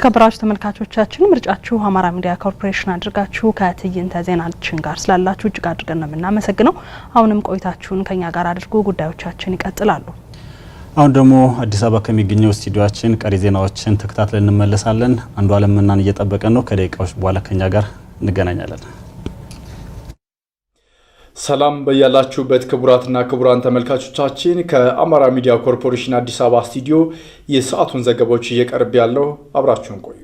የተከበራችሁ ተመልካቾቻችን ምርጫችሁ አማራ ሚዲያ ኮርፖሬሽን አድርጋችሁ ከትዕይንተ ዜናችን ጋር ስላላችሁ እጅግ አድርገን ነው የምናመሰግነው። አሁንም ቆይታችሁን ከኛ ጋር አድርጉ ጉዳዮቻችን ይቀጥላሉ። አሁን ደግሞ አዲስ አበባ ከሚገኘው ስቱዲዮችን ቀሪ ዜናዎችን ተከታትለን እንመለሳለን። አንዱ አለምናን እየጠበቀ ነው። ከደቂቃዎች በኋላ ከኛ ጋር እንገናኛለን። ሰላም በያላችሁበት ክቡራትና ክቡራን ተመልካቾቻችን ከአማራ ሚዲያ ኮርፖሬሽን አዲስ አበባ ስቱዲዮ የሰዓቱን ዘገባዎች እየቀርብ ያለው አብራችሁን ቆዩ።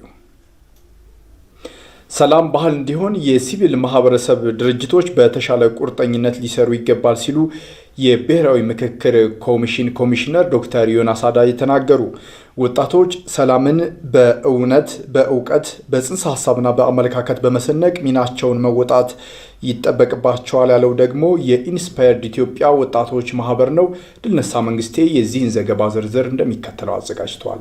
ሰላም ባህል እንዲሆን የሲቪል ማህበረሰብ ድርጅቶች በተሻለ ቁርጠኝነት ሊሰሩ ይገባል ሲሉ የብሔራዊ ምክክር ኮሚሽን ኮሚሽነር ዶክተር ዮናስ አዳይ ተናገሩ። ወጣቶች ሰላምን በእውነት፣ በእውቀት፣ በጽንሰ ሀሳብና በአመለካከት በመሰነቅ ሚናቸውን መወጣት ይጠበቅባቸዋል ያለው ደግሞ የኢንስፓየርድ ኢትዮጵያ ወጣቶች ማህበር ነው። ድልነሳ መንግስቴ የዚህን ዘገባ ዝርዝር እንደሚከተለው አዘጋጅቷል።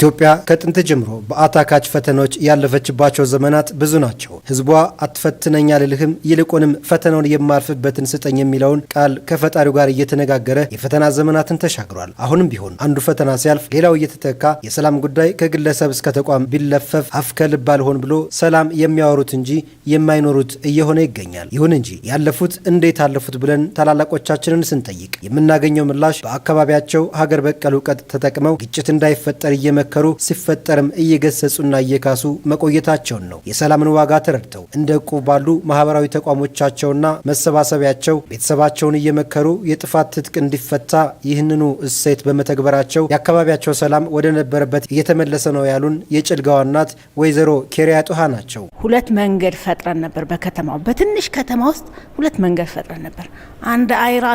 ኢትዮጵያ ከጥንት ጀምሮ በአታካች ፈተናዎች ያለፈችባቸው ዘመናት ብዙ ናቸው። ሕዝቧ አትፈትነኝ አልልህም፣ ይልቁንም ፈተናውን የማልፍበትን ስጠኝ የሚለውን ቃል ከፈጣሪው ጋር እየተነጋገረ የፈተና ዘመናትን ተሻግሯል። አሁንም ቢሆን አንዱ ፈተና ሲያልፍ ሌላው እየተተካ የሰላም ጉዳይ ከግለሰብ እስከ ተቋም ቢለፈፍ አፍ ከልብ አልሆን ብሎ ሰላም የሚያወሩት እንጂ የማይኖሩት እየሆነ ይገኛል። ይሁን እንጂ ያለፉት እንዴት አለፉት ብለን ታላላቆቻችንን ስንጠይቅ የምናገኘው ምላሽ በአካባቢያቸው ሀገር በቀል እውቀት ተጠቅመው ግጭት እንዳይፈጠር እየመ እየመከሩ ሲፈጠርም እየገሰጹና እየካሱ መቆየታቸውን ነው። የሰላምን ዋጋ ተረድተው እንደ እቁብ ባሉ ማህበራዊ ተቋሞቻቸውና መሰባሰቢያቸው ቤተሰባቸውን እየመከሩ የጥፋት ትጥቅ እንዲፈታ ይህንኑ እሴት በመተግበራቸው የአካባቢያቸው ሰላም ወደ ነበረበት እየተመለሰ ነው ያሉን የጭልጋዋ እናት ወይዘሮ ኬሪያ ጡሃ ናቸው። ሁለት መንገድ ፈጥረን ነበር በከተማው በትንሽ ከተማ ውስጥ ሁለት መንገድ ፈጥረን ነበር። አንድ አይራ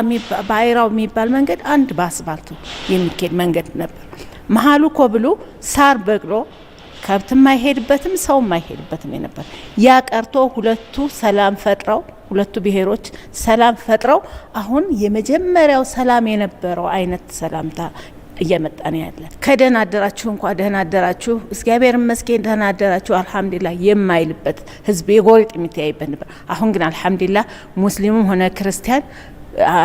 በአይራው የሚባል መንገድ፣ አንድ በአስፋልቱ የሚኬድ መንገድ ነበር። መሀሉ ኮብሎ ሳር በቅሎ ከብትም አይሄድበትም ሰውም አይሄድበትም የነበር ያ ቀርቶ ሁለቱ ሰላም ፈጥረው ሁለቱ ብሔሮች ሰላም ፈጥረው አሁን የመጀመሪያው ሰላም የነበረው አይነት ሰላምታ እየመጣን ያለ። ከደህና አደራችሁ እንኳ ደህና አደራችሁ እግዚአብሔር ይመስገን ደህና አደራችሁ አልሐምዱሊላህ የማይልበት ህዝብ የጎሪጥ የሚተያይበት ነበር። አሁን ግን አልሐምዱሊላህ ሙስሊሙም ሆነ ክርስቲያን፣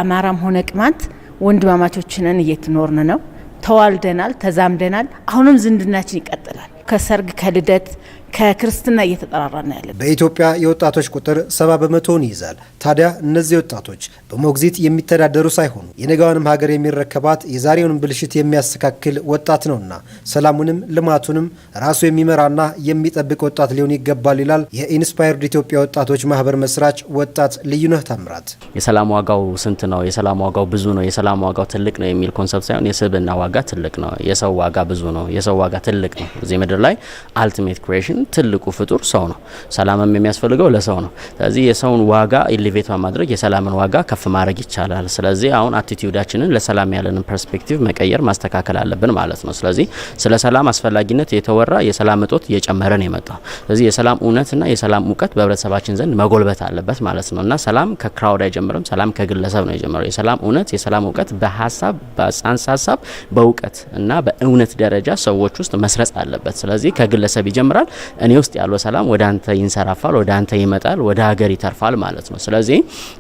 አማራም ሆነ ቅማንት ወንድማማቾችንን እየትኖርን ነው ተዋልደናል፣ ተዛምደናል። አሁንም ዝምድናችን ይቀጥላል። ከሰርግ ከልደት ከክርስትና እየተጠራራ ነው ያለ። በኢትዮጵያ የወጣቶች ቁጥር ሰባ በመቶውን ይይዛል። ታዲያ እነዚህ ወጣቶች በሞግዚት የሚተዳደሩ ሳይሆኑ የነጋውንም ሀገር የሚረከባት የዛሬውንም ብልሽት የሚያስተካክል ወጣት ነውና ሰላሙንም ልማቱንም ራሱ የሚመራና የሚጠብቅ ወጣት ሊሆን ይገባል ይላል የኢንስፓየርድ ኢትዮጵያ ወጣቶች ማህበር መስራች ወጣት ልዩነህ ታምራት። የሰላም ዋጋው ስንት ነው? የሰላም ዋጋው ብዙ ነው፣ የሰላም ዋጋው ትልቅ ነው የሚል ኮንሰፕት ሳይሆን የስብና ዋጋ ትልቅ ነው፣ የሰው ዋጋ ብዙ ነው፣ የሰው ዋጋ ትልቅ ነው። እዚህ ምድር ላይ አልቲሜት ክሬሽን ትልቁ ፍጡር ሰው ነው። ሰላምም የሚያስፈልገው ለሰው ነው። ስለዚህ የሰውን ዋጋ ኢሊቬት በማድረግ የሰላምን ዋጋ ከፍ ማድረግ ይቻላል። ስለዚህ አሁን አቲቲዩዳችንን ለሰላም ያለንን ፐርስፔክቲቭ መቀየር ማስተካከል አለብን ማለት ነው። ስለዚህ ስለ ሰላም አስፈላጊነት የተወራ የሰላም እጦት እየጨመረ ነው የመጣው። ስለዚህ የሰላም እውነትና የሰላም እውቀት በህብረተሰባችን ዘንድ መጎልበት አለበት ማለት ነው እና ሰላም ከክራውድ አይጀምርም። ሰላም ከግለሰብ ነው የጀመረው። የሰላም እውነት የሰላም እውቀት በሀሳብ በጻንስ ሀሳብ በእውቀት እና በእውነት ደረጃ ሰዎች ውስጥ መስረጽ አለበት። ስለዚህ ከግለሰብ ይጀምራል። እኔ ውስጥ ያለው ሰላም ወደ አንተ ይንሰራፋል፣ ወደ አንተ ይመጣል፣ ወደ ሀገር ይተርፋል ማለት ነው። ስለዚህ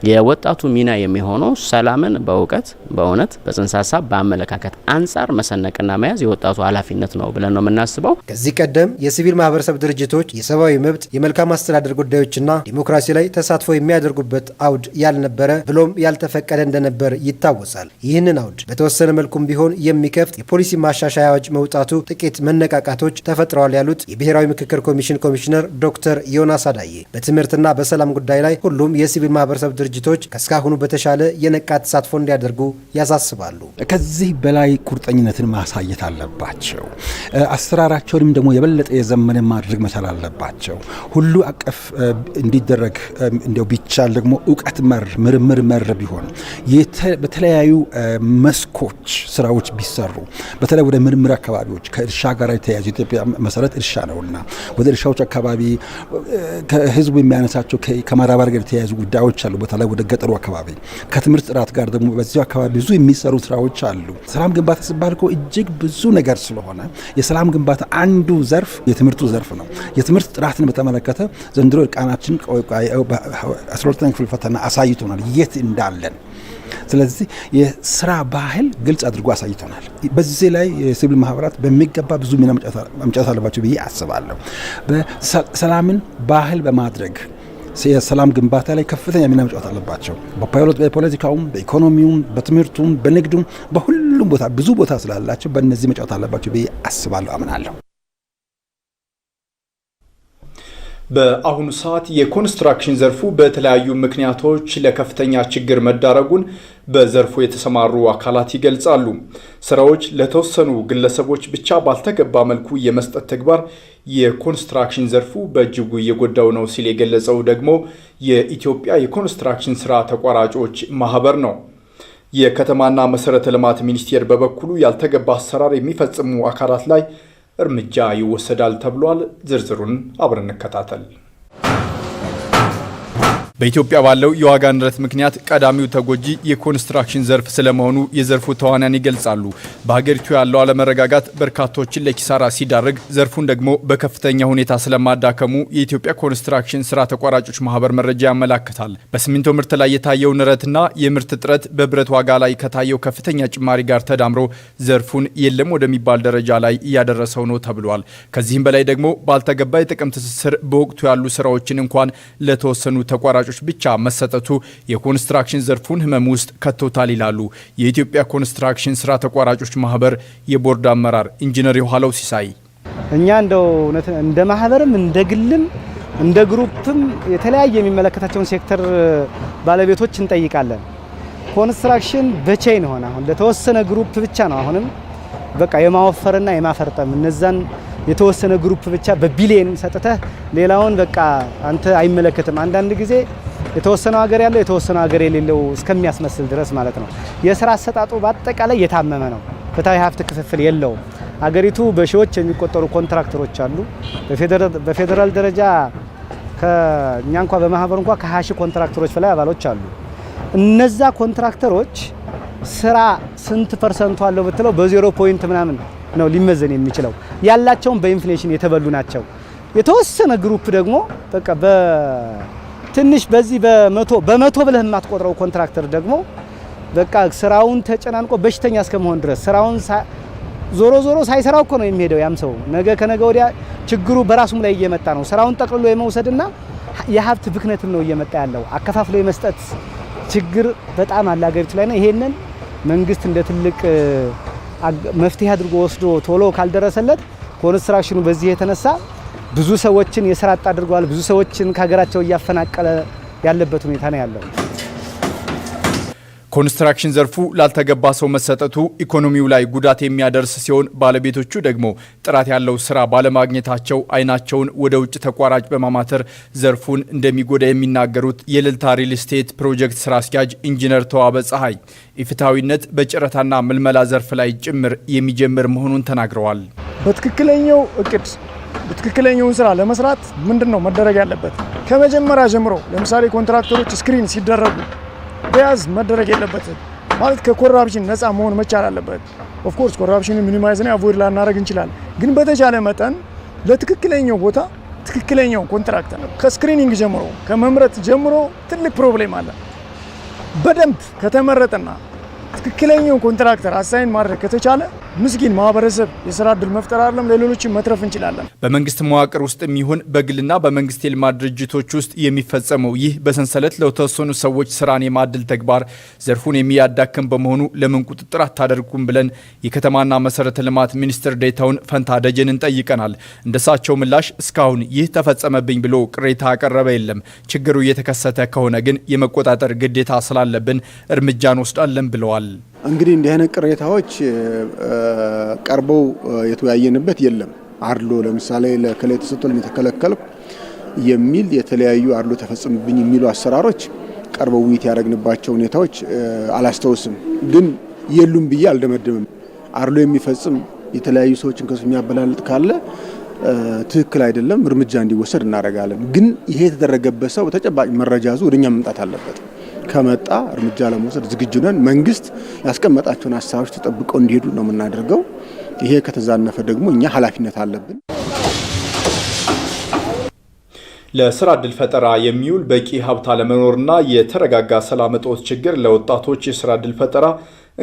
የወጣቱ ሚና የሚሆነው ሰላምን በእውቀት በእውነት በጽንሰ ሀሳብ በአመለካከት አንጻር መሰነቅና መያዝ የወጣቱ ኃላፊነት ነው ብለን ነው የምናስበው። ከዚህ ቀደም የሲቪል ማህበረሰብ ድርጅቶች የሰብአዊ መብት የመልካም አስተዳደር ጉዳዮችና ዲሞክራሲ ላይ ተሳትፎ የሚያደርጉበት አውድ ያልነበረ ብሎም ያልተፈቀደ እንደነበር ይታወሳል። ይህንን አውድ በተወሰነ መልኩም ቢሆን የሚከፍት የፖሊሲ ማሻሻያዎች መውጣቱ ጥቂት መነቃቃቶች ተፈጥረዋል ያሉት የብሔራዊ ምክክር የድንበር ኮሚሽን ኮሚሽነር ዶክተር ዮናስ አዳዬ በትምህርትና በሰላም ጉዳይ ላይ ሁሉም የሲቪል ማህበረሰብ ድርጅቶች ከእስካሁኑ በተሻለ የነቃ ተሳትፎ እንዲያደርጉ ያሳስባሉ። ከዚህ በላይ ቁርጠኝነትን ማሳየት አለባቸው። አሰራራቸውንም ደግሞ የበለጠ የዘመነ ማድረግ መቻል አለባቸው። ሁሉ አቀፍ እንዲደረግ እንዲያው ቢቻል ደግሞ እውቀት መር ምርምር መር ቢሆን በተለያዩ መስኮች ስራዎች ቢሰሩ በተለይ ወደ ምርምር አካባቢዎች ከእርሻ ጋር የተያያዙ ኢትዮጵያ መሰረት እርሻ ነውና ወደ እርሻዎች አካባቢ ህዝቡ የሚያነሳቸው ከማራባር ጋር የተያያዙ ጉዳዮች አሉ። በተለይ ወደ ገጠሩ አካባቢ ከትምህርት ጥራት ጋር ደግሞ በዚሁ አካባቢ ብዙ የሚሰሩ ስራዎች አሉ። ሰላም ግንባታ ሲባል እኮ እጅግ ብዙ ነገር ስለሆነ የሰላም ግንባታ አንዱ ዘርፍ የትምህርቱ ዘርፍ ነው። የትምህርት ጥራትን በተመለከተ ዘንድሮ እርቃናችን አስራ ሁለተኛ ክፍል ፈተና አሳይቶናል የት እንዳለን ስለዚህ የስራ ባህል ግልጽ አድርጎ አሳይተናል። በዚህ ላይ የሲቪል ማህበራት በሚገባ ብዙ ሚና መጫወት አለባቸው ብዬ አስባለሁ። ሰላምን ባህል በማድረግ የሰላም ግንባታ ላይ ከፍተኛ ሚና መጫወት አለባቸው። በፖለቲካውም፣ በኢኮኖሚውም፣ በትምህርቱም፣ በንግዱም በሁሉም ቦታ ብዙ ቦታ ስላላቸው በእነዚህ መጫወት አለባቸው ብዬ አስባለሁ፣ አምናለሁ። በአሁኑ ሰዓት የኮንስትራክሽን ዘርፉ በተለያዩ ምክንያቶች ለከፍተኛ ችግር መዳረጉን በዘርፉ የተሰማሩ አካላት ይገልጻሉ። ስራዎች ለተወሰኑ ግለሰቦች ብቻ ባልተገባ መልኩ የመስጠት ተግባር የኮንስትራክሽን ዘርፉ በእጅጉ እየጎዳው ነው ሲል የገለጸው ደግሞ የኢትዮጵያ የኮንስትራክሽን ስራ ተቋራጮች ማህበር ነው። የከተማና መሰረተ ልማት ሚኒስቴር በበኩሉ ያልተገባ አሰራር የሚፈጽሙ አካላት ላይ እርምጃ ይወሰዳል ተብሏል። ዝርዝሩን አብረን እንከታተል። በኢትዮጵያ ባለው የዋጋ ንረት ምክንያት ቀዳሚው ተጎጂ የኮንስትራክሽን ዘርፍ ስለመሆኑ የዘርፉ ተዋናያን ይገልጻሉ። በሀገሪቱ ያለው አለመረጋጋት በርካቶችን ለኪሳራ ሲዳርግ፣ ዘርፉን ደግሞ በከፍተኛ ሁኔታ ስለማዳከሙ የኢትዮጵያ ኮንስትራክሽን ስራ ተቋራጮች ማህበር መረጃ ያመላክታል። በሲሚንቶ ምርት ላይ የታየው ንረትና የምርት እጥረት በብረት ዋጋ ላይ ከታየው ከፍተኛ ጭማሪ ጋር ተዳምሮ ዘርፉን የለም ወደሚባል ደረጃ ላይ እያደረሰው ነው ተብሏል። ከዚህም በላይ ደግሞ ባልተገባ የጥቅም ትስስር በወቅቱ ያሉ ስራዎችን እንኳን ለተወሰኑ ተቋራጮች አማራጮች ብቻ መሰጠቱ የኮንስትራክሽን ዘርፉን ህመም ውስጥ ከቶታል ይላሉ የኢትዮጵያ ኮንስትራክሽን ስራ ተቋራጮች ማህበር የቦርድ አመራር ኢንጂነር የኋለው ሲሳይ። እኛ እንደው እውነት እንደ ማህበርም እንደ ግልም እንደ ግሩፕም የተለያየ የሚመለከታቸውን ሴክተር ባለቤቶች እንጠይቃለን። ኮንስትራክሽን በቼን ሆነ አሁን ለተወሰነ ግሩፕ ብቻ ነው አሁንም በቃ የማወፈርና የማፈርጠም እነዛን የተወሰነ ግሩፕ ብቻ በቢሊየን ሰጥተህ ሌላውን በቃ አንተ አይመለከትም። አንዳንድ ጊዜ የተወሰነው ሀገር ያለው የተወሰነው ሀገር የሌለው እስከሚያስመስል ድረስ ማለት ነው። የስራ አሰጣጡ በአጠቃላይ የታመመ ነው። ፍትሐዊ ሀብት ክፍፍል የለውም። አገሪቱ በሺዎች የሚቆጠሩ ኮንትራክተሮች አሉ። በፌዴራል ደረጃ እኛ እንኳ በማህበር እንኳ ከሀያ ሺህ ኮንትራክተሮች በላይ አባሎች አሉ። እነዛ ኮንትራክተሮች ስራ ስንት ፐርሰንቱ አለው ብትለው በዜሮ ፖይንት ምናምን ነው ሊመዘን የሚችለው። ያላቸውን በኢንፍሌሽን የተበሉ ናቸው። የተወሰነ ግሩፕ ደግሞ በቃ በትንሽ በዚህ በመቶ በመቶ ብለህ የማትቆጥረው ኮንትራክተር ደግሞ በቃ ስራውን ተጨናንቆ በሽተኛ እስከመሆን ድረስ ስራውን ዞሮ ዞሮ ሳይሰራው እኮ ነው የሚሄደው። ያም ሰው ነገ ከነገ ወዲያ ችግሩ በራሱም ላይ እየመጣ ነው። ስራውን ጠቅልሎ የመውሰድና የሀብት ብክነትም ነው እየመጣ ያለው። አከፋፍሎ የመስጠት ችግር በጣም አለ ላይ ነው። ይሄንን መንግስት እንደ ትልቅ መፍትሄ አድርጎ ወስዶ ቶሎ ካልደረሰለት ኮንስትራክሽኑ በዚህ የተነሳ ብዙ ሰዎችን የስራ አጥ ብዙ ሰዎችን ከሀገራቸው እያፈናቀለ ያለበት ሁኔታ ነው ያለው። ኮንስትራክሽን ዘርፉ ላልተገባ ሰው መሰጠቱ ኢኮኖሚው ላይ ጉዳት የሚያደርስ ሲሆን ባለቤቶቹ ደግሞ ጥራት ያለው ስራ ባለማግኘታቸው አይናቸውን ወደ ውጭ ተቋራጭ በማማተር ዘርፉን እንደሚጎዳ የሚናገሩት የልልታ ሪል ስቴት ፕሮጀክት ስራ አስኪያጅ ኢንጂነር ተዋበ ፀሐይ ኢፍትሐዊነት በጨረታና ምልመላ ዘርፍ ላይ ጭምር የሚጀምር መሆኑን ተናግረዋል። በትክክለኛው እቅድ በትክክለኛውን ስራ ለመስራት ምንድን ነው መደረግ ያለበት? ከመጀመሪያ ጀምሮ ለምሳሌ ኮንትራክተሮች ስክሪን ሲደረጉ በያዝ መደረግ የለበትም ማለት ከኮራፕሽን ነፃ መሆን መቻል አለበት። ኦፍኮርስ ኮራፕሽንን ሚኒማይዝና አቮይድ ላናደረግ እንችላለን፣ ግን በተቻለ መጠን ለትክክለኛው ቦታ ትክክለኛው ኮንትራክተር ነው። ከስክሪኒንግ ጀምሮ ከመምረጥ ጀምሮ ትልቅ ፕሮብሌም አለ። በደንብ ከተመረጠና ትክክለኛው ኮንትራክተር አሳይን ማድረግ ከተቻለ ምስኪን ማህበረሰብ የስራ እድል መፍጠር አለም ለሌሎችም መትረፍ እንችላለን። በመንግስት መዋቅር ውስጥ የሚሆን በግልና በመንግስት የልማት ድርጅቶች ውስጥ የሚፈጸመው ይህ በሰንሰለት ለተወሰኑ ሰዎች ስራን የማድል ተግባር ዘርፉን የሚያዳክም በመሆኑ ለምን ቁጥጥር አታደርጉም ብለን የከተማና መሰረተ ልማት ሚኒስትር ዴታውን ፈንታ ደጀንን ጠይቀናል። እንደሳቸው ምላሽ እስካሁን ይህ ተፈጸመብኝ ብሎ ቅሬታ አቀረበ የለም። ችግሩ እየተከሰተ ከሆነ ግን የመቆጣጠር ግዴታ ስላለብን እርምጃ እንወስዳለን ብለዋል። እንግዲህ እንዲህ አይነት ቅሬታዎች ቀርበው የተወያየንበት የለም። አድሎ ለምሳሌ ለከለ ተሰጥቶልኝ የተከለከልኩ የሚል የተለያዩ አድሎ ተፈጽምብኝ የሚሉ አሰራሮች ቀርበው ውይይት ያደረግንባቸው ሁኔታዎች አላስታውስም፣ ግን የሉም ብዬ አልደመድምም። አድሎ የሚፈጽም የተለያዩ ሰዎችን ከሱ የሚያበላልጥ ካለ ትክክል አይደለም፣ እርምጃ እንዲወሰድ እናደርጋለን። ግን ይሄ የተደረገበት ሰው ተጨባጭ መረጃ ይዞ ወደኛ መምጣት አለበት። ከመጣ እርምጃ ለመውሰድ ዝግጁ ነን። መንግስት ያስቀመጣቸውን ሀሳቦች ተጠብቀው እንዲሄዱ ነው የምናደርገው። ይሄ ከተዛነፈ ደግሞ እኛ ኃላፊነት አለብን። ለስራ ዕድል ፈጠራ የሚውል በቂ ሀብት አለመኖርና የተረጋጋ ሰላም እጦት ችግር ለወጣቶች የስራ ዕድል ፈጠራ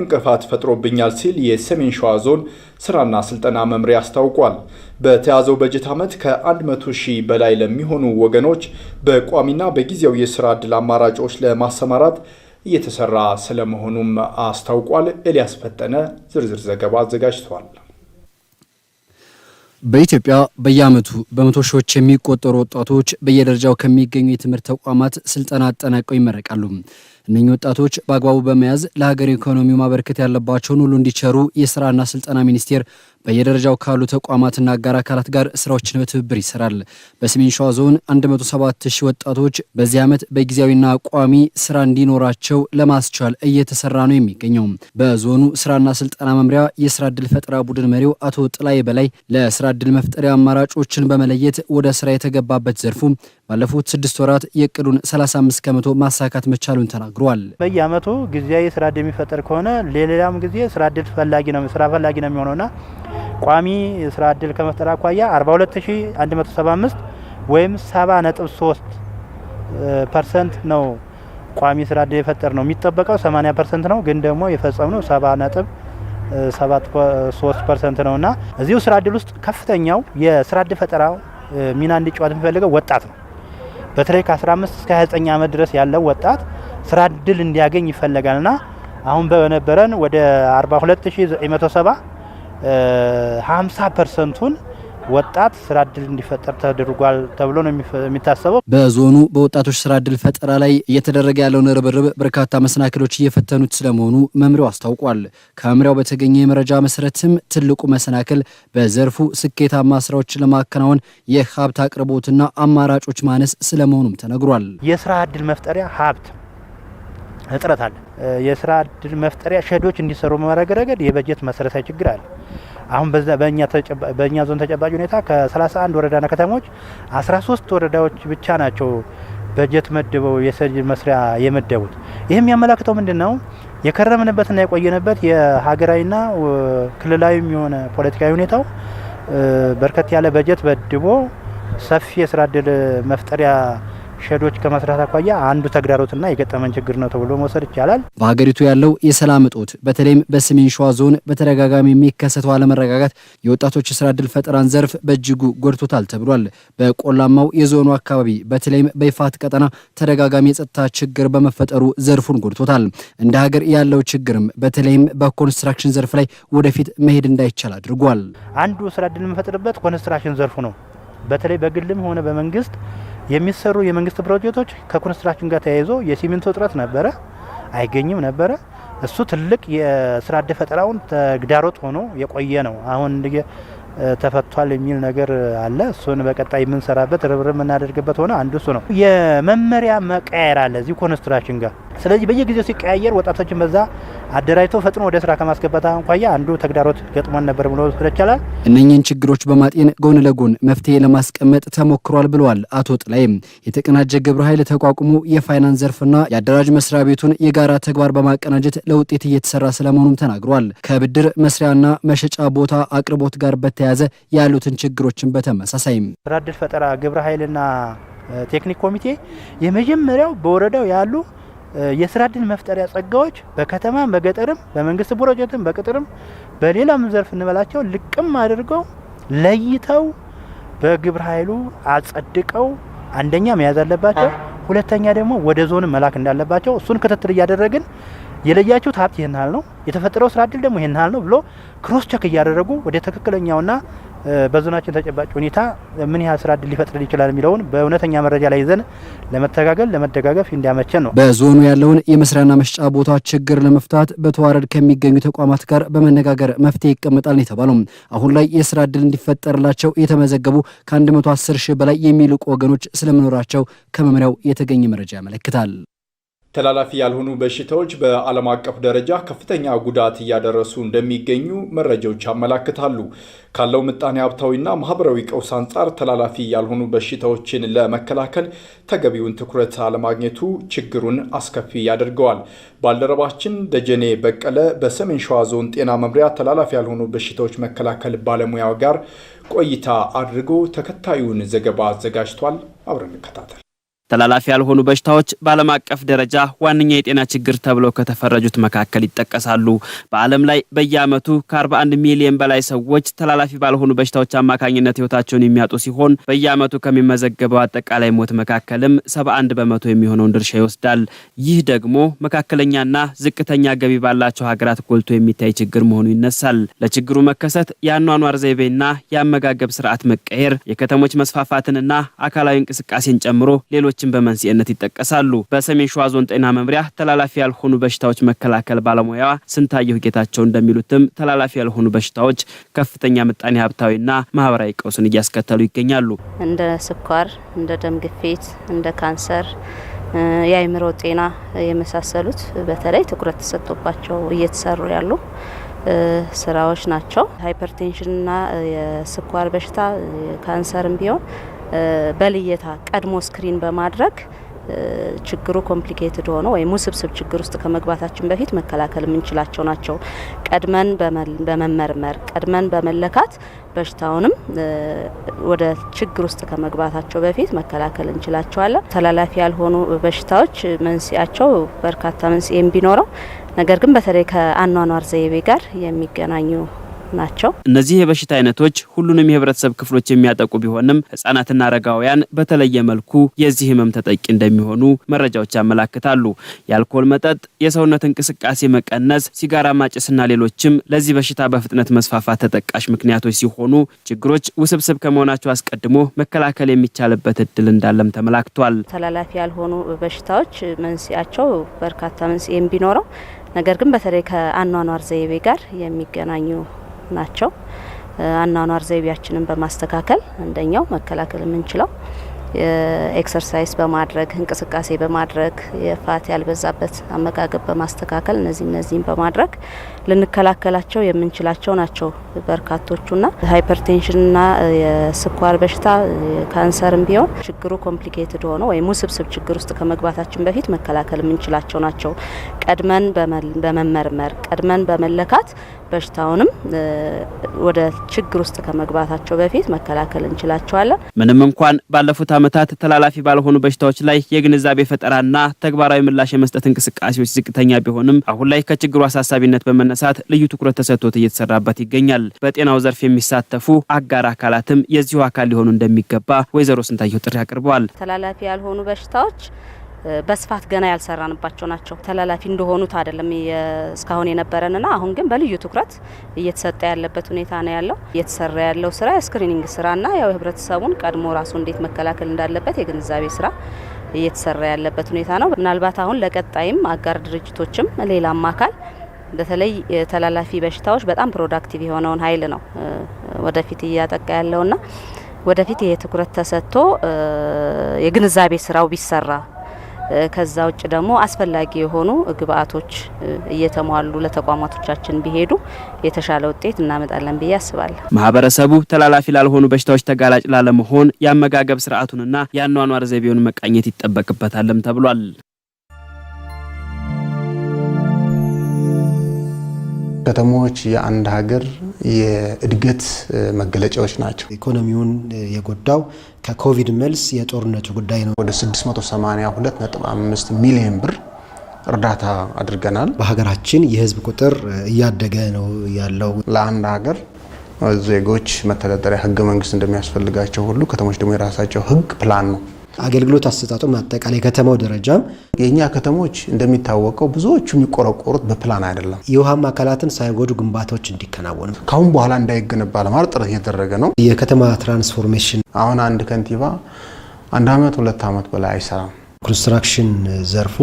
እንቅፋት ፈጥሮብኛል ሲል የሰሜን ሸዋ ዞን ስራና ስልጠና መምሪያ አስታውቋል። በተያዘው በጀት ዓመት ከ100 ሺህ በላይ ለሚሆኑ ወገኖች በቋሚና በጊዜያዊ የስራ ዕድል አማራጮች ለማሰማራት እየተሰራ ስለመሆኑም አስታውቋል። ኤልያስ ፈጠነ ዝርዝር ዘገባ አዘጋጅተዋል። በኢትዮጵያ በየዓመቱ በመቶ ሺዎች የሚቆጠሩ ወጣቶች በየደረጃው ከሚገኙ የትምህርት ተቋማት ስልጠና አጠናቀው ይመረቃሉ። እነኚህ ወጣቶች በአግባቡ በመያዝ ለሀገር ኢኮኖሚው ማበርከት ያለባቸውን ሁሉ እንዲቸሩ የስራና ስልጠና ሚኒስቴር በየደረጃው ካሉ ተቋማትና አጋር አካላት ጋር ስራዎችን በትብብር ይሰራል። በሰሜን ሸዋ ዞን 17 ሺህ ወጣቶች በዚህ ዓመት በጊዜያዊና ቋሚ ስራ እንዲኖራቸው ለማስቻል እየተሰራ ነው የሚገኘው። በዞኑ ስራና ስልጠና መምሪያ የስራ እድል ፈጠራ ቡድን መሪው አቶ ጥላዬ በላይ ለስራ እድል መፍጠሪያ አማራጮችን በመለየት ወደ ስራ የተገባበት ዘርፉ ባለፉት ስድስት ወራት የእቅዱን 35 ከመቶ ማሳካት መቻሉን ተናግሯል። ተናግሯል። በየአመቱ ጊዜያዊ ስራ እድል የሚፈጠር ከሆነ ሌላም ጊዜ ስራ እድል ፈላጊ ነው ስራ ፈላጊ ነው የሚሆነውና ቋሚ ስራ እድል ከመፍጠር አኳያ 42175 ወይም 70.3 ፐርሰንት ነው ቋሚ ስራ እድል የፈጠር ነው የሚጠበቀው 80 ፐርሰንት ነው፣ ግን ደግሞ የፈጸም ነው 7.3 ፐርሰንት ነው እና እዚሁ ስራ እድል ውስጥ ከፍተኛው የስራ እድል ፈጠራ ሚና እንዲጫወት የሚፈልገው ወጣት ነው። በተለይ ከ15 እስከ 29 ዓመት ድረስ ያለው ወጣት ስራ እድል እንዲያገኝ ይፈለጋልና አሁን በነበረን ወደ 42970 50 ፐርሰንቱን ወጣት ስራ እድል እንዲፈጠር ተደርጓል ተብሎ ነው የሚታሰበው። በዞኑ በወጣቶች ስራ እድል ፈጠራ ላይ እየተደረገ ያለውን ርብርብ በርካታ መሰናክሎች እየፈተኑት ስለመሆኑ መምሪያው አስታውቋል። ከመምሪያው በተገኘ የመረጃ መሰረትም ትልቁ መሰናክል በዘርፉ ስኬታማ ስራዎችን ለማከናወን የሀብት አቅርቦትና አማራጮች ማነስ ስለመሆኑም ተነግሯል። የስራ እድል መፍጠሪያ ሀብት እጥረት አለ። የስራ እድል መፍጠሪያ ሸዶች እንዲሰሩ በማድረግ ረገድ የበጀት መሰረታዊ ችግር አለ። አሁን በእኛ ዞን ተጨባጭ ሁኔታ ከ31 ወረዳና ከተሞች 13 ወረዳዎች ብቻ ናቸው በጀት መድበው የሰድ መስሪያ የመደቡት። ይህ የሚያመላክተው ምንድን ነው? የከረምንበትና የቆየንበት የሀገራዊና ክልላዊም የሆነ ፖለቲካዊ ሁኔታው በርከት ያለ በጀት በድቦ ሰፊ የስራ እድል መፍጠሪያ ሸዶች ከመስራት አኳያ አንዱ ተግዳሮትና የገጠመን ችግር ነው ተብሎ መውሰድ ይቻላል። በሀገሪቱ ያለው የሰላም እጦት በተለይም በሰሜን ሸዋ ዞን በተደጋጋሚ የሚከሰተው አለመረጋጋት የወጣቶች የስራ እድል ፈጠራን ዘርፍ በእጅጉ ጎድቶታል ተብሏል። በቆላማው የዞኑ አካባቢ በተለይም በይፋት ቀጠና ተደጋጋሚ የጸጥታ ችግር በመፈጠሩ ዘርፉን ጎድቶታል። እንደ ሀገር ያለው ችግርም በተለይም በኮንስትራክሽን ዘርፍ ላይ ወደፊት መሄድ እንዳይቻል አድርጓል። አንዱ ስራ እድል የምፈጥርበት ኮንስትራክሽን ዘርፉ ነው። በተለይ በግልም ሆነ በመንግስት የሚሰሩ የመንግስት ፕሮጀክቶች ከኮንስትራክሽን ጋር ተያይዞ የሲሚንቶ እጥረት ነበረ፣ አይገኝም ነበረ። እሱ ትልቅ የስራ ዕድል ፈጠራውን ተግዳሮት ሆኖ የቆየ ነው። አሁን ተፈቷል የሚል ነገር አለ። እሱን በቀጣይ የምንሰራበት ርብርብ የምናደርግበት ሆነ አንዱ እሱ ነው። የመመሪያ መቀያየር አለ እዚህ ኮንስትራክሽን ጋር። ስለዚህ በየጊዜው ሲቀያየር ወጣቶችን በዛ አደራጅቶ ፈጥኖ ወደ ስራ ከማስገባት አንኳያ አንዱ ተግዳሮት ገጥሞን ነበር ብሎ ስለቻላል እነኚህን ችግሮች በማጤን ጎን ለጎን መፍትሄ ለማስቀመጥ ተሞክሯል ብለዋል አቶ ጥላይም። የተቀናጀ ግብረ ኃይል ተቋቁሞ የፋይናንስ ዘርፍና የአደራጅ መስሪያ ቤቱን የጋራ ተግባር በማቀናጀት ለውጤት እየተሰራ ስለመሆኑም ተናግሯል። ከብድር መስሪያና መሸጫ ቦታ አቅርቦት ጋር በተያያዘ ያሉትን ችግሮችን በተመሳሳይም ስራ ፈጠራ ግብረ ኃይልና ቴክኒክ ኮሚቴ የመጀመሪያው በወረዳው ያሉ የስራ እድል መፍጠሪያ ጸጋዎች በከተማም በገጠርም በመንግስት ፕሮጀክትም በቅጥርም በሌላም ዘርፍ እንበላቸው ልቅም አድርገው ለይተው በግብረ ኃይሉ አጸድቀው አንደኛ መያዝ አለባቸው፣ ሁለተኛ ደግሞ ወደ ዞን መላክ እንዳለባቸው እሱን ክትትል እያደረግን የለያችሁት ሀብት ይህን ያህል ነው፣ የተፈጠረው ስራ እድል ደግሞ ይህን ያህል ነው ብሎ ክሮስ ቸክ እያደረጉ ወደ ትክክለኛውና በዞናችን ተጨባጭ ሁኔታ ምን ያህል ስራ እድል ሊፈጥር ይችላል የሚለውን በእውነተኛ መረጃ ላይ ይዘን ለመተጋገል ለመደጋገፍ እንዲያመቸን ነው። በዞኑ ያለውን የመስሪያና መሸጫ ቦታ ችግር ለመፍታት በተዋረድ ከሚገኙ ተቋማት ጋር በመነጋገር መፍትሄ ይቀመጣል ነው የተባለው። አሁን ላይ የስራ እድል እንዲፈጠርላቸው የተመዘገቡ ከ110 ሺህ በላይ የሚልቁ ወገኖች ስለመኖራቸው ከመምሪያው የተገኘ መረጃ ያመለክታል። ተላላፊ ያልሆኑ በሽታዎች በዓለም አቀፍ ደረጃ ከፍተኛ ጉዳት እያደረሱ እንደሚገኙ መረጃዎች ያመላክታሉ። ካለው ምጣኔ ሀብታዊና ማህበራዊ ቀውስ አንጻር ተላላፊ ያልሆኑ በሽታዎችን ለመከላከል ተገቢውን ትኩረት አለማግኘቱ ችግሩን አስከፊ ያደርገዋል። ባልደረባችን ደጀኔ በቀለ በሰሜን ሸዋ ዞን ጤና መምሪያ ተላላፊ ያልሆኑ በሽታዎች መከላከል ባለሙያ ጋር ቆይታ አድርጎ ተከታዩን ዘገባ አዘጋጅቷል። አብረን እንከታተል። ተላላፊ ያልሆኑ በሽታዎች በዓለም አቀፍ ደረጃ ዋነኛ የጤና ችግር ተብለው ከተፈረጁት መካከል ይጠቀሳሉ። በዓለም ላይ በየዓመቱ ከ41 ሚሊዮን በላይ ሰዎች ተላላፊ ባልሆኑ በሽታዎች አማካኝነት ሕይወታቸውን የሚያጡ ሲሆን በየዓመቱ ከሚመዘገበው አጠቃላይ ሞት መካከልም 71 በመቶ የሚሆነውን ድርሻ ይወስዳል። ይህ ደግሞ መካከለኛና ዝቅተኛ ገቢ ባላቸው ሀገራት ጎልቶ የሚታይ ችግር መሆኑ ይነሳል። ለችግሩ መከሰት የአኗኗር ዘይቤና የአመጋገብ ስርዓት መቀየር፣ የከተሞች መስፋፋትንና አካላዊ እንቅስቃሴን ጨምሮ ሌሎች በሽታዎችን በመንስኤነት ይጠቀሳሉ። በሰሜን ሸዋ ዞን ጤና መምሪያ ተላላፊ ያልሆኑ በሽታዎች መከላከል ባለሙያ ስንታየሁ ጌታቸው እንደሚሉትም ተላላፊ ያልሆኑ በሽታዎች ከፍተኛ ምጣኔ ሀብታዊና ማህበራዊ ቀውስን እያስከተሉ ይገኛሉ። እንደ ስኳር፣ እንደ ደም ግፊት፣ እንደ ካንሰር የአይምሮ ጤና የመሳሰሉት በተለይ ትኩረት ተሰጥቶባቸው እየተሰሩ ያሉ ስራዎች ናቸው። ሃይፐርቴንሽንና የስኳር በሽታ ካንሰርም ቢሆን በልየታ ቀድሞ ስክሪን በማድረግ ችግሩ ኮምፕሊኬትድ ሆኖ ወይም ውስብስብ ችግር ውስጥ ከመግባታችን በፊት መከላከል የምንችላቸው ናቸው። ቀድመን በመመርመር ቀድመን በመለካት በሽታውንም ወደ ችግር ውስጥ ከመግባታቸው በፊት መከላከል እንችላቸዋለን። ተላላፊ ያልሆኑ በሽታዎች መንስኤያቸው በርካታ መንስኤም ቢኖረው ነገር ግን በተለይ ከአኗኗር ዘይቤ ጋር የሚገናኙ ናቸው። እነዚህ የበሽታ አይነቶች ሁሉንም የህብረተሰብ ክፍሎች የሚያጠቁ ቢሆንም ህጻናትና አረጋውያን በተለየ መልኩ የዚህ ህመም ተጠቂ እንደሚሆኑ መረጃዎች ያመላክታሉ። የአልኮል መጠጥ፣ የሰውነት እንቅስቃሴ መቀነስ፣ ሲጋራ ማጨስና ሌሎችም ለዚህ በሽታ በፍጥነት መስፋፋት ተጠቃሽ ምክንያቶች ሲሆኑ ችግሮች ውስብስብ ከመሆናቸው አስቀድሞ መከላከል የሚቻልበት እድል እንዳለም ተመላክቷል። ተላላፊ ያልሆኑ በሽታዎች መንስያቸው በርካታ መንስኤም ቢኖረው ነገር ግን በተለይ ከአኗኗር ዘይቤ ጋር የሚገናኙ ናቸው። አኗኗር ዘይቤያችንን በማስተካከል አንደኛው መከላከል የምንችለው ኤክሰርሳይዝ በማድረግ እንቅስቃሴ በማድረግ የፋት ያልበዛበት አመጋገብ በማስተካከል እነዚህ እነዚህም በማድረግ ልንከላከላቸው የምንችላቸው ናቸው በርካቶቹና ሃይፐርቴንሽንና የስኳር በሽታ ካንሰርም ቢሆን ችግሩ ኮምፕሊኬትድ ሆኖ ወይም ውስብስብ ችግር ውስጥ ከመግባታችን በፊት መከላከል የምንችላቸው ናቸው። ቀድመን በመመርመር ቀድመን በመለካት በሽታውንም ወደ ችግር ውስጥ ከመግባታቸው በፊት መከላከል እንችላቸዋለን። ምንም እንኳን ባለፉት ዓመታት ተላላፊ ባልሆኑ በሽታዎች ላይ የግንዛቤ ፈጠራና ተግባራዊ ምላሽ የመስጠት እንቅስቃሴዎች ዝቅተኛ ቢሆንም አሁን ላይ ከችግሩ አሳሳቢነት በመነሳት ልዩ ትኩረት ተሰጥቶት እየተሰራበት ይገኛል። በጤናው ዘርፍ የሚሳተፉ አጋር አካላትም የዚሁ አካል ሊሆኑ እንደሚገባ ወይዘሮ ስንታየው ጥሪ አቅርበዋል። ተላላፊ ያልሆኑ በሽታዎች በስፋት ገና ያልሰራንባቸው ናቸው። ተላላፊ እንደሆኑት አይደለም እስካሁን የነበረንና አሁን ግን በልዩ ትኩረት እየተሰጠ ያለበት ሁኔታ ነው ያለው። እየተሰራ ያለው ስራ የስክሪኒንግ ስራና ያው ህብረተሰቡን ቀድሞ ራሱ እንዴት መከላከል እንዳለበት የግንዛቤ ስራ እየተሰራ ያለበት ሁኔታ ነው። ምናልባት አሁን ለቀጣይም አጋር ድርጅቶችም ሌላም አካል በተለይ ተላላፊ በሽታዎች በጣም ፕሮዳክቲቭ የሆነውን ኃይል ነው ወደፊት እያጠቃ ያለውና ወደፊት ይሄ ትኩረት ተሰጥቶ የግንዛቤ ስራው ቢሰራ ከዛ ውጭ ደግሞ አስፈላጊ የሆኑ ግብአቶች እየተሟሉ ለተቋማቶቻችን ቢሄዱ የተሻለ ውጤት እናመጣለን ብዬ አስባለሁ። ማህበረሰቡ ተላላፊ ላልሆኑ በሽታዎች ተጋላጭ ላለመሆን የአመጋገብ ስርዓቱንና የአኗኗር ዘይቤውን መቃኘት ይጠበቅበታልም ተብሏል። ከተሞች የአንድ ሀገር የእድገት መገለጫዎች ናቸው። ኢኮኖሚውን የጎዳው ከኮቪድ መልስ የጦርነቱ ጉዳይ ነው። ወደ 682.5 ሚሊዮን ብር እርዳታ አድርገናል። በሀገራችን የህዝብ ቁጥር እያደገ ነው ያለው። ለአንድ ሀገር ዜጎች መተዳደሪያ ህገ መንግስት እንደሚያስፈልጋቸው ሁሉ ከተሞች ደግሞ የራሳቸው ህግ ፕላን ነው አገልግሎት አሰጣጡም አጠቃላይ ከተማው ደረጃም የእኛ ከተሞች እንደሚታወቀው ብዙዎቹ የሚቆረቆሩት በፕላን አይደለም። የውሃም አካላትን ሳይጎዱ ግንባታዎች እንዲከናወኑ ካሁን በኋላ እንዳይገነባ ለማለት ጥረት እየተደረገ ነው። የከተማ ትራንስፎርሜሽን አሁን አንድ ከንቲባ አንድ አመት ሁለት ዓመት በላይ አይሰራም። ኮንስትራክሽን ዘርፉ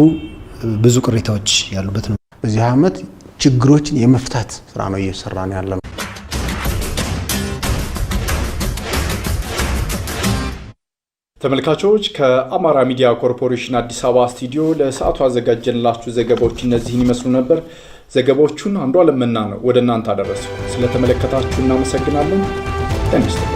ብዙ ቅሬታዎች ያሉበት ነው። በዚህ አመት ችግሮችን የመፍታት ስራ ነው እየሰራ ነው ያለው። ተመልካቾች ከአማራ ሚዲያ ኮርፖሬሽን አዲስ አበባ ስቱዲዮ ለሰዓቱ አዘጋጀንላችሁ ዘገባዎች እነዚህን ይመስሉ ነበር። ዘገባዎቹን አንዷ ለመና ነው ወደ እናንተ አደረስኩ። ስለተመለከታችሁ እናመሰግናለን። ጤና ይስጥልኝ።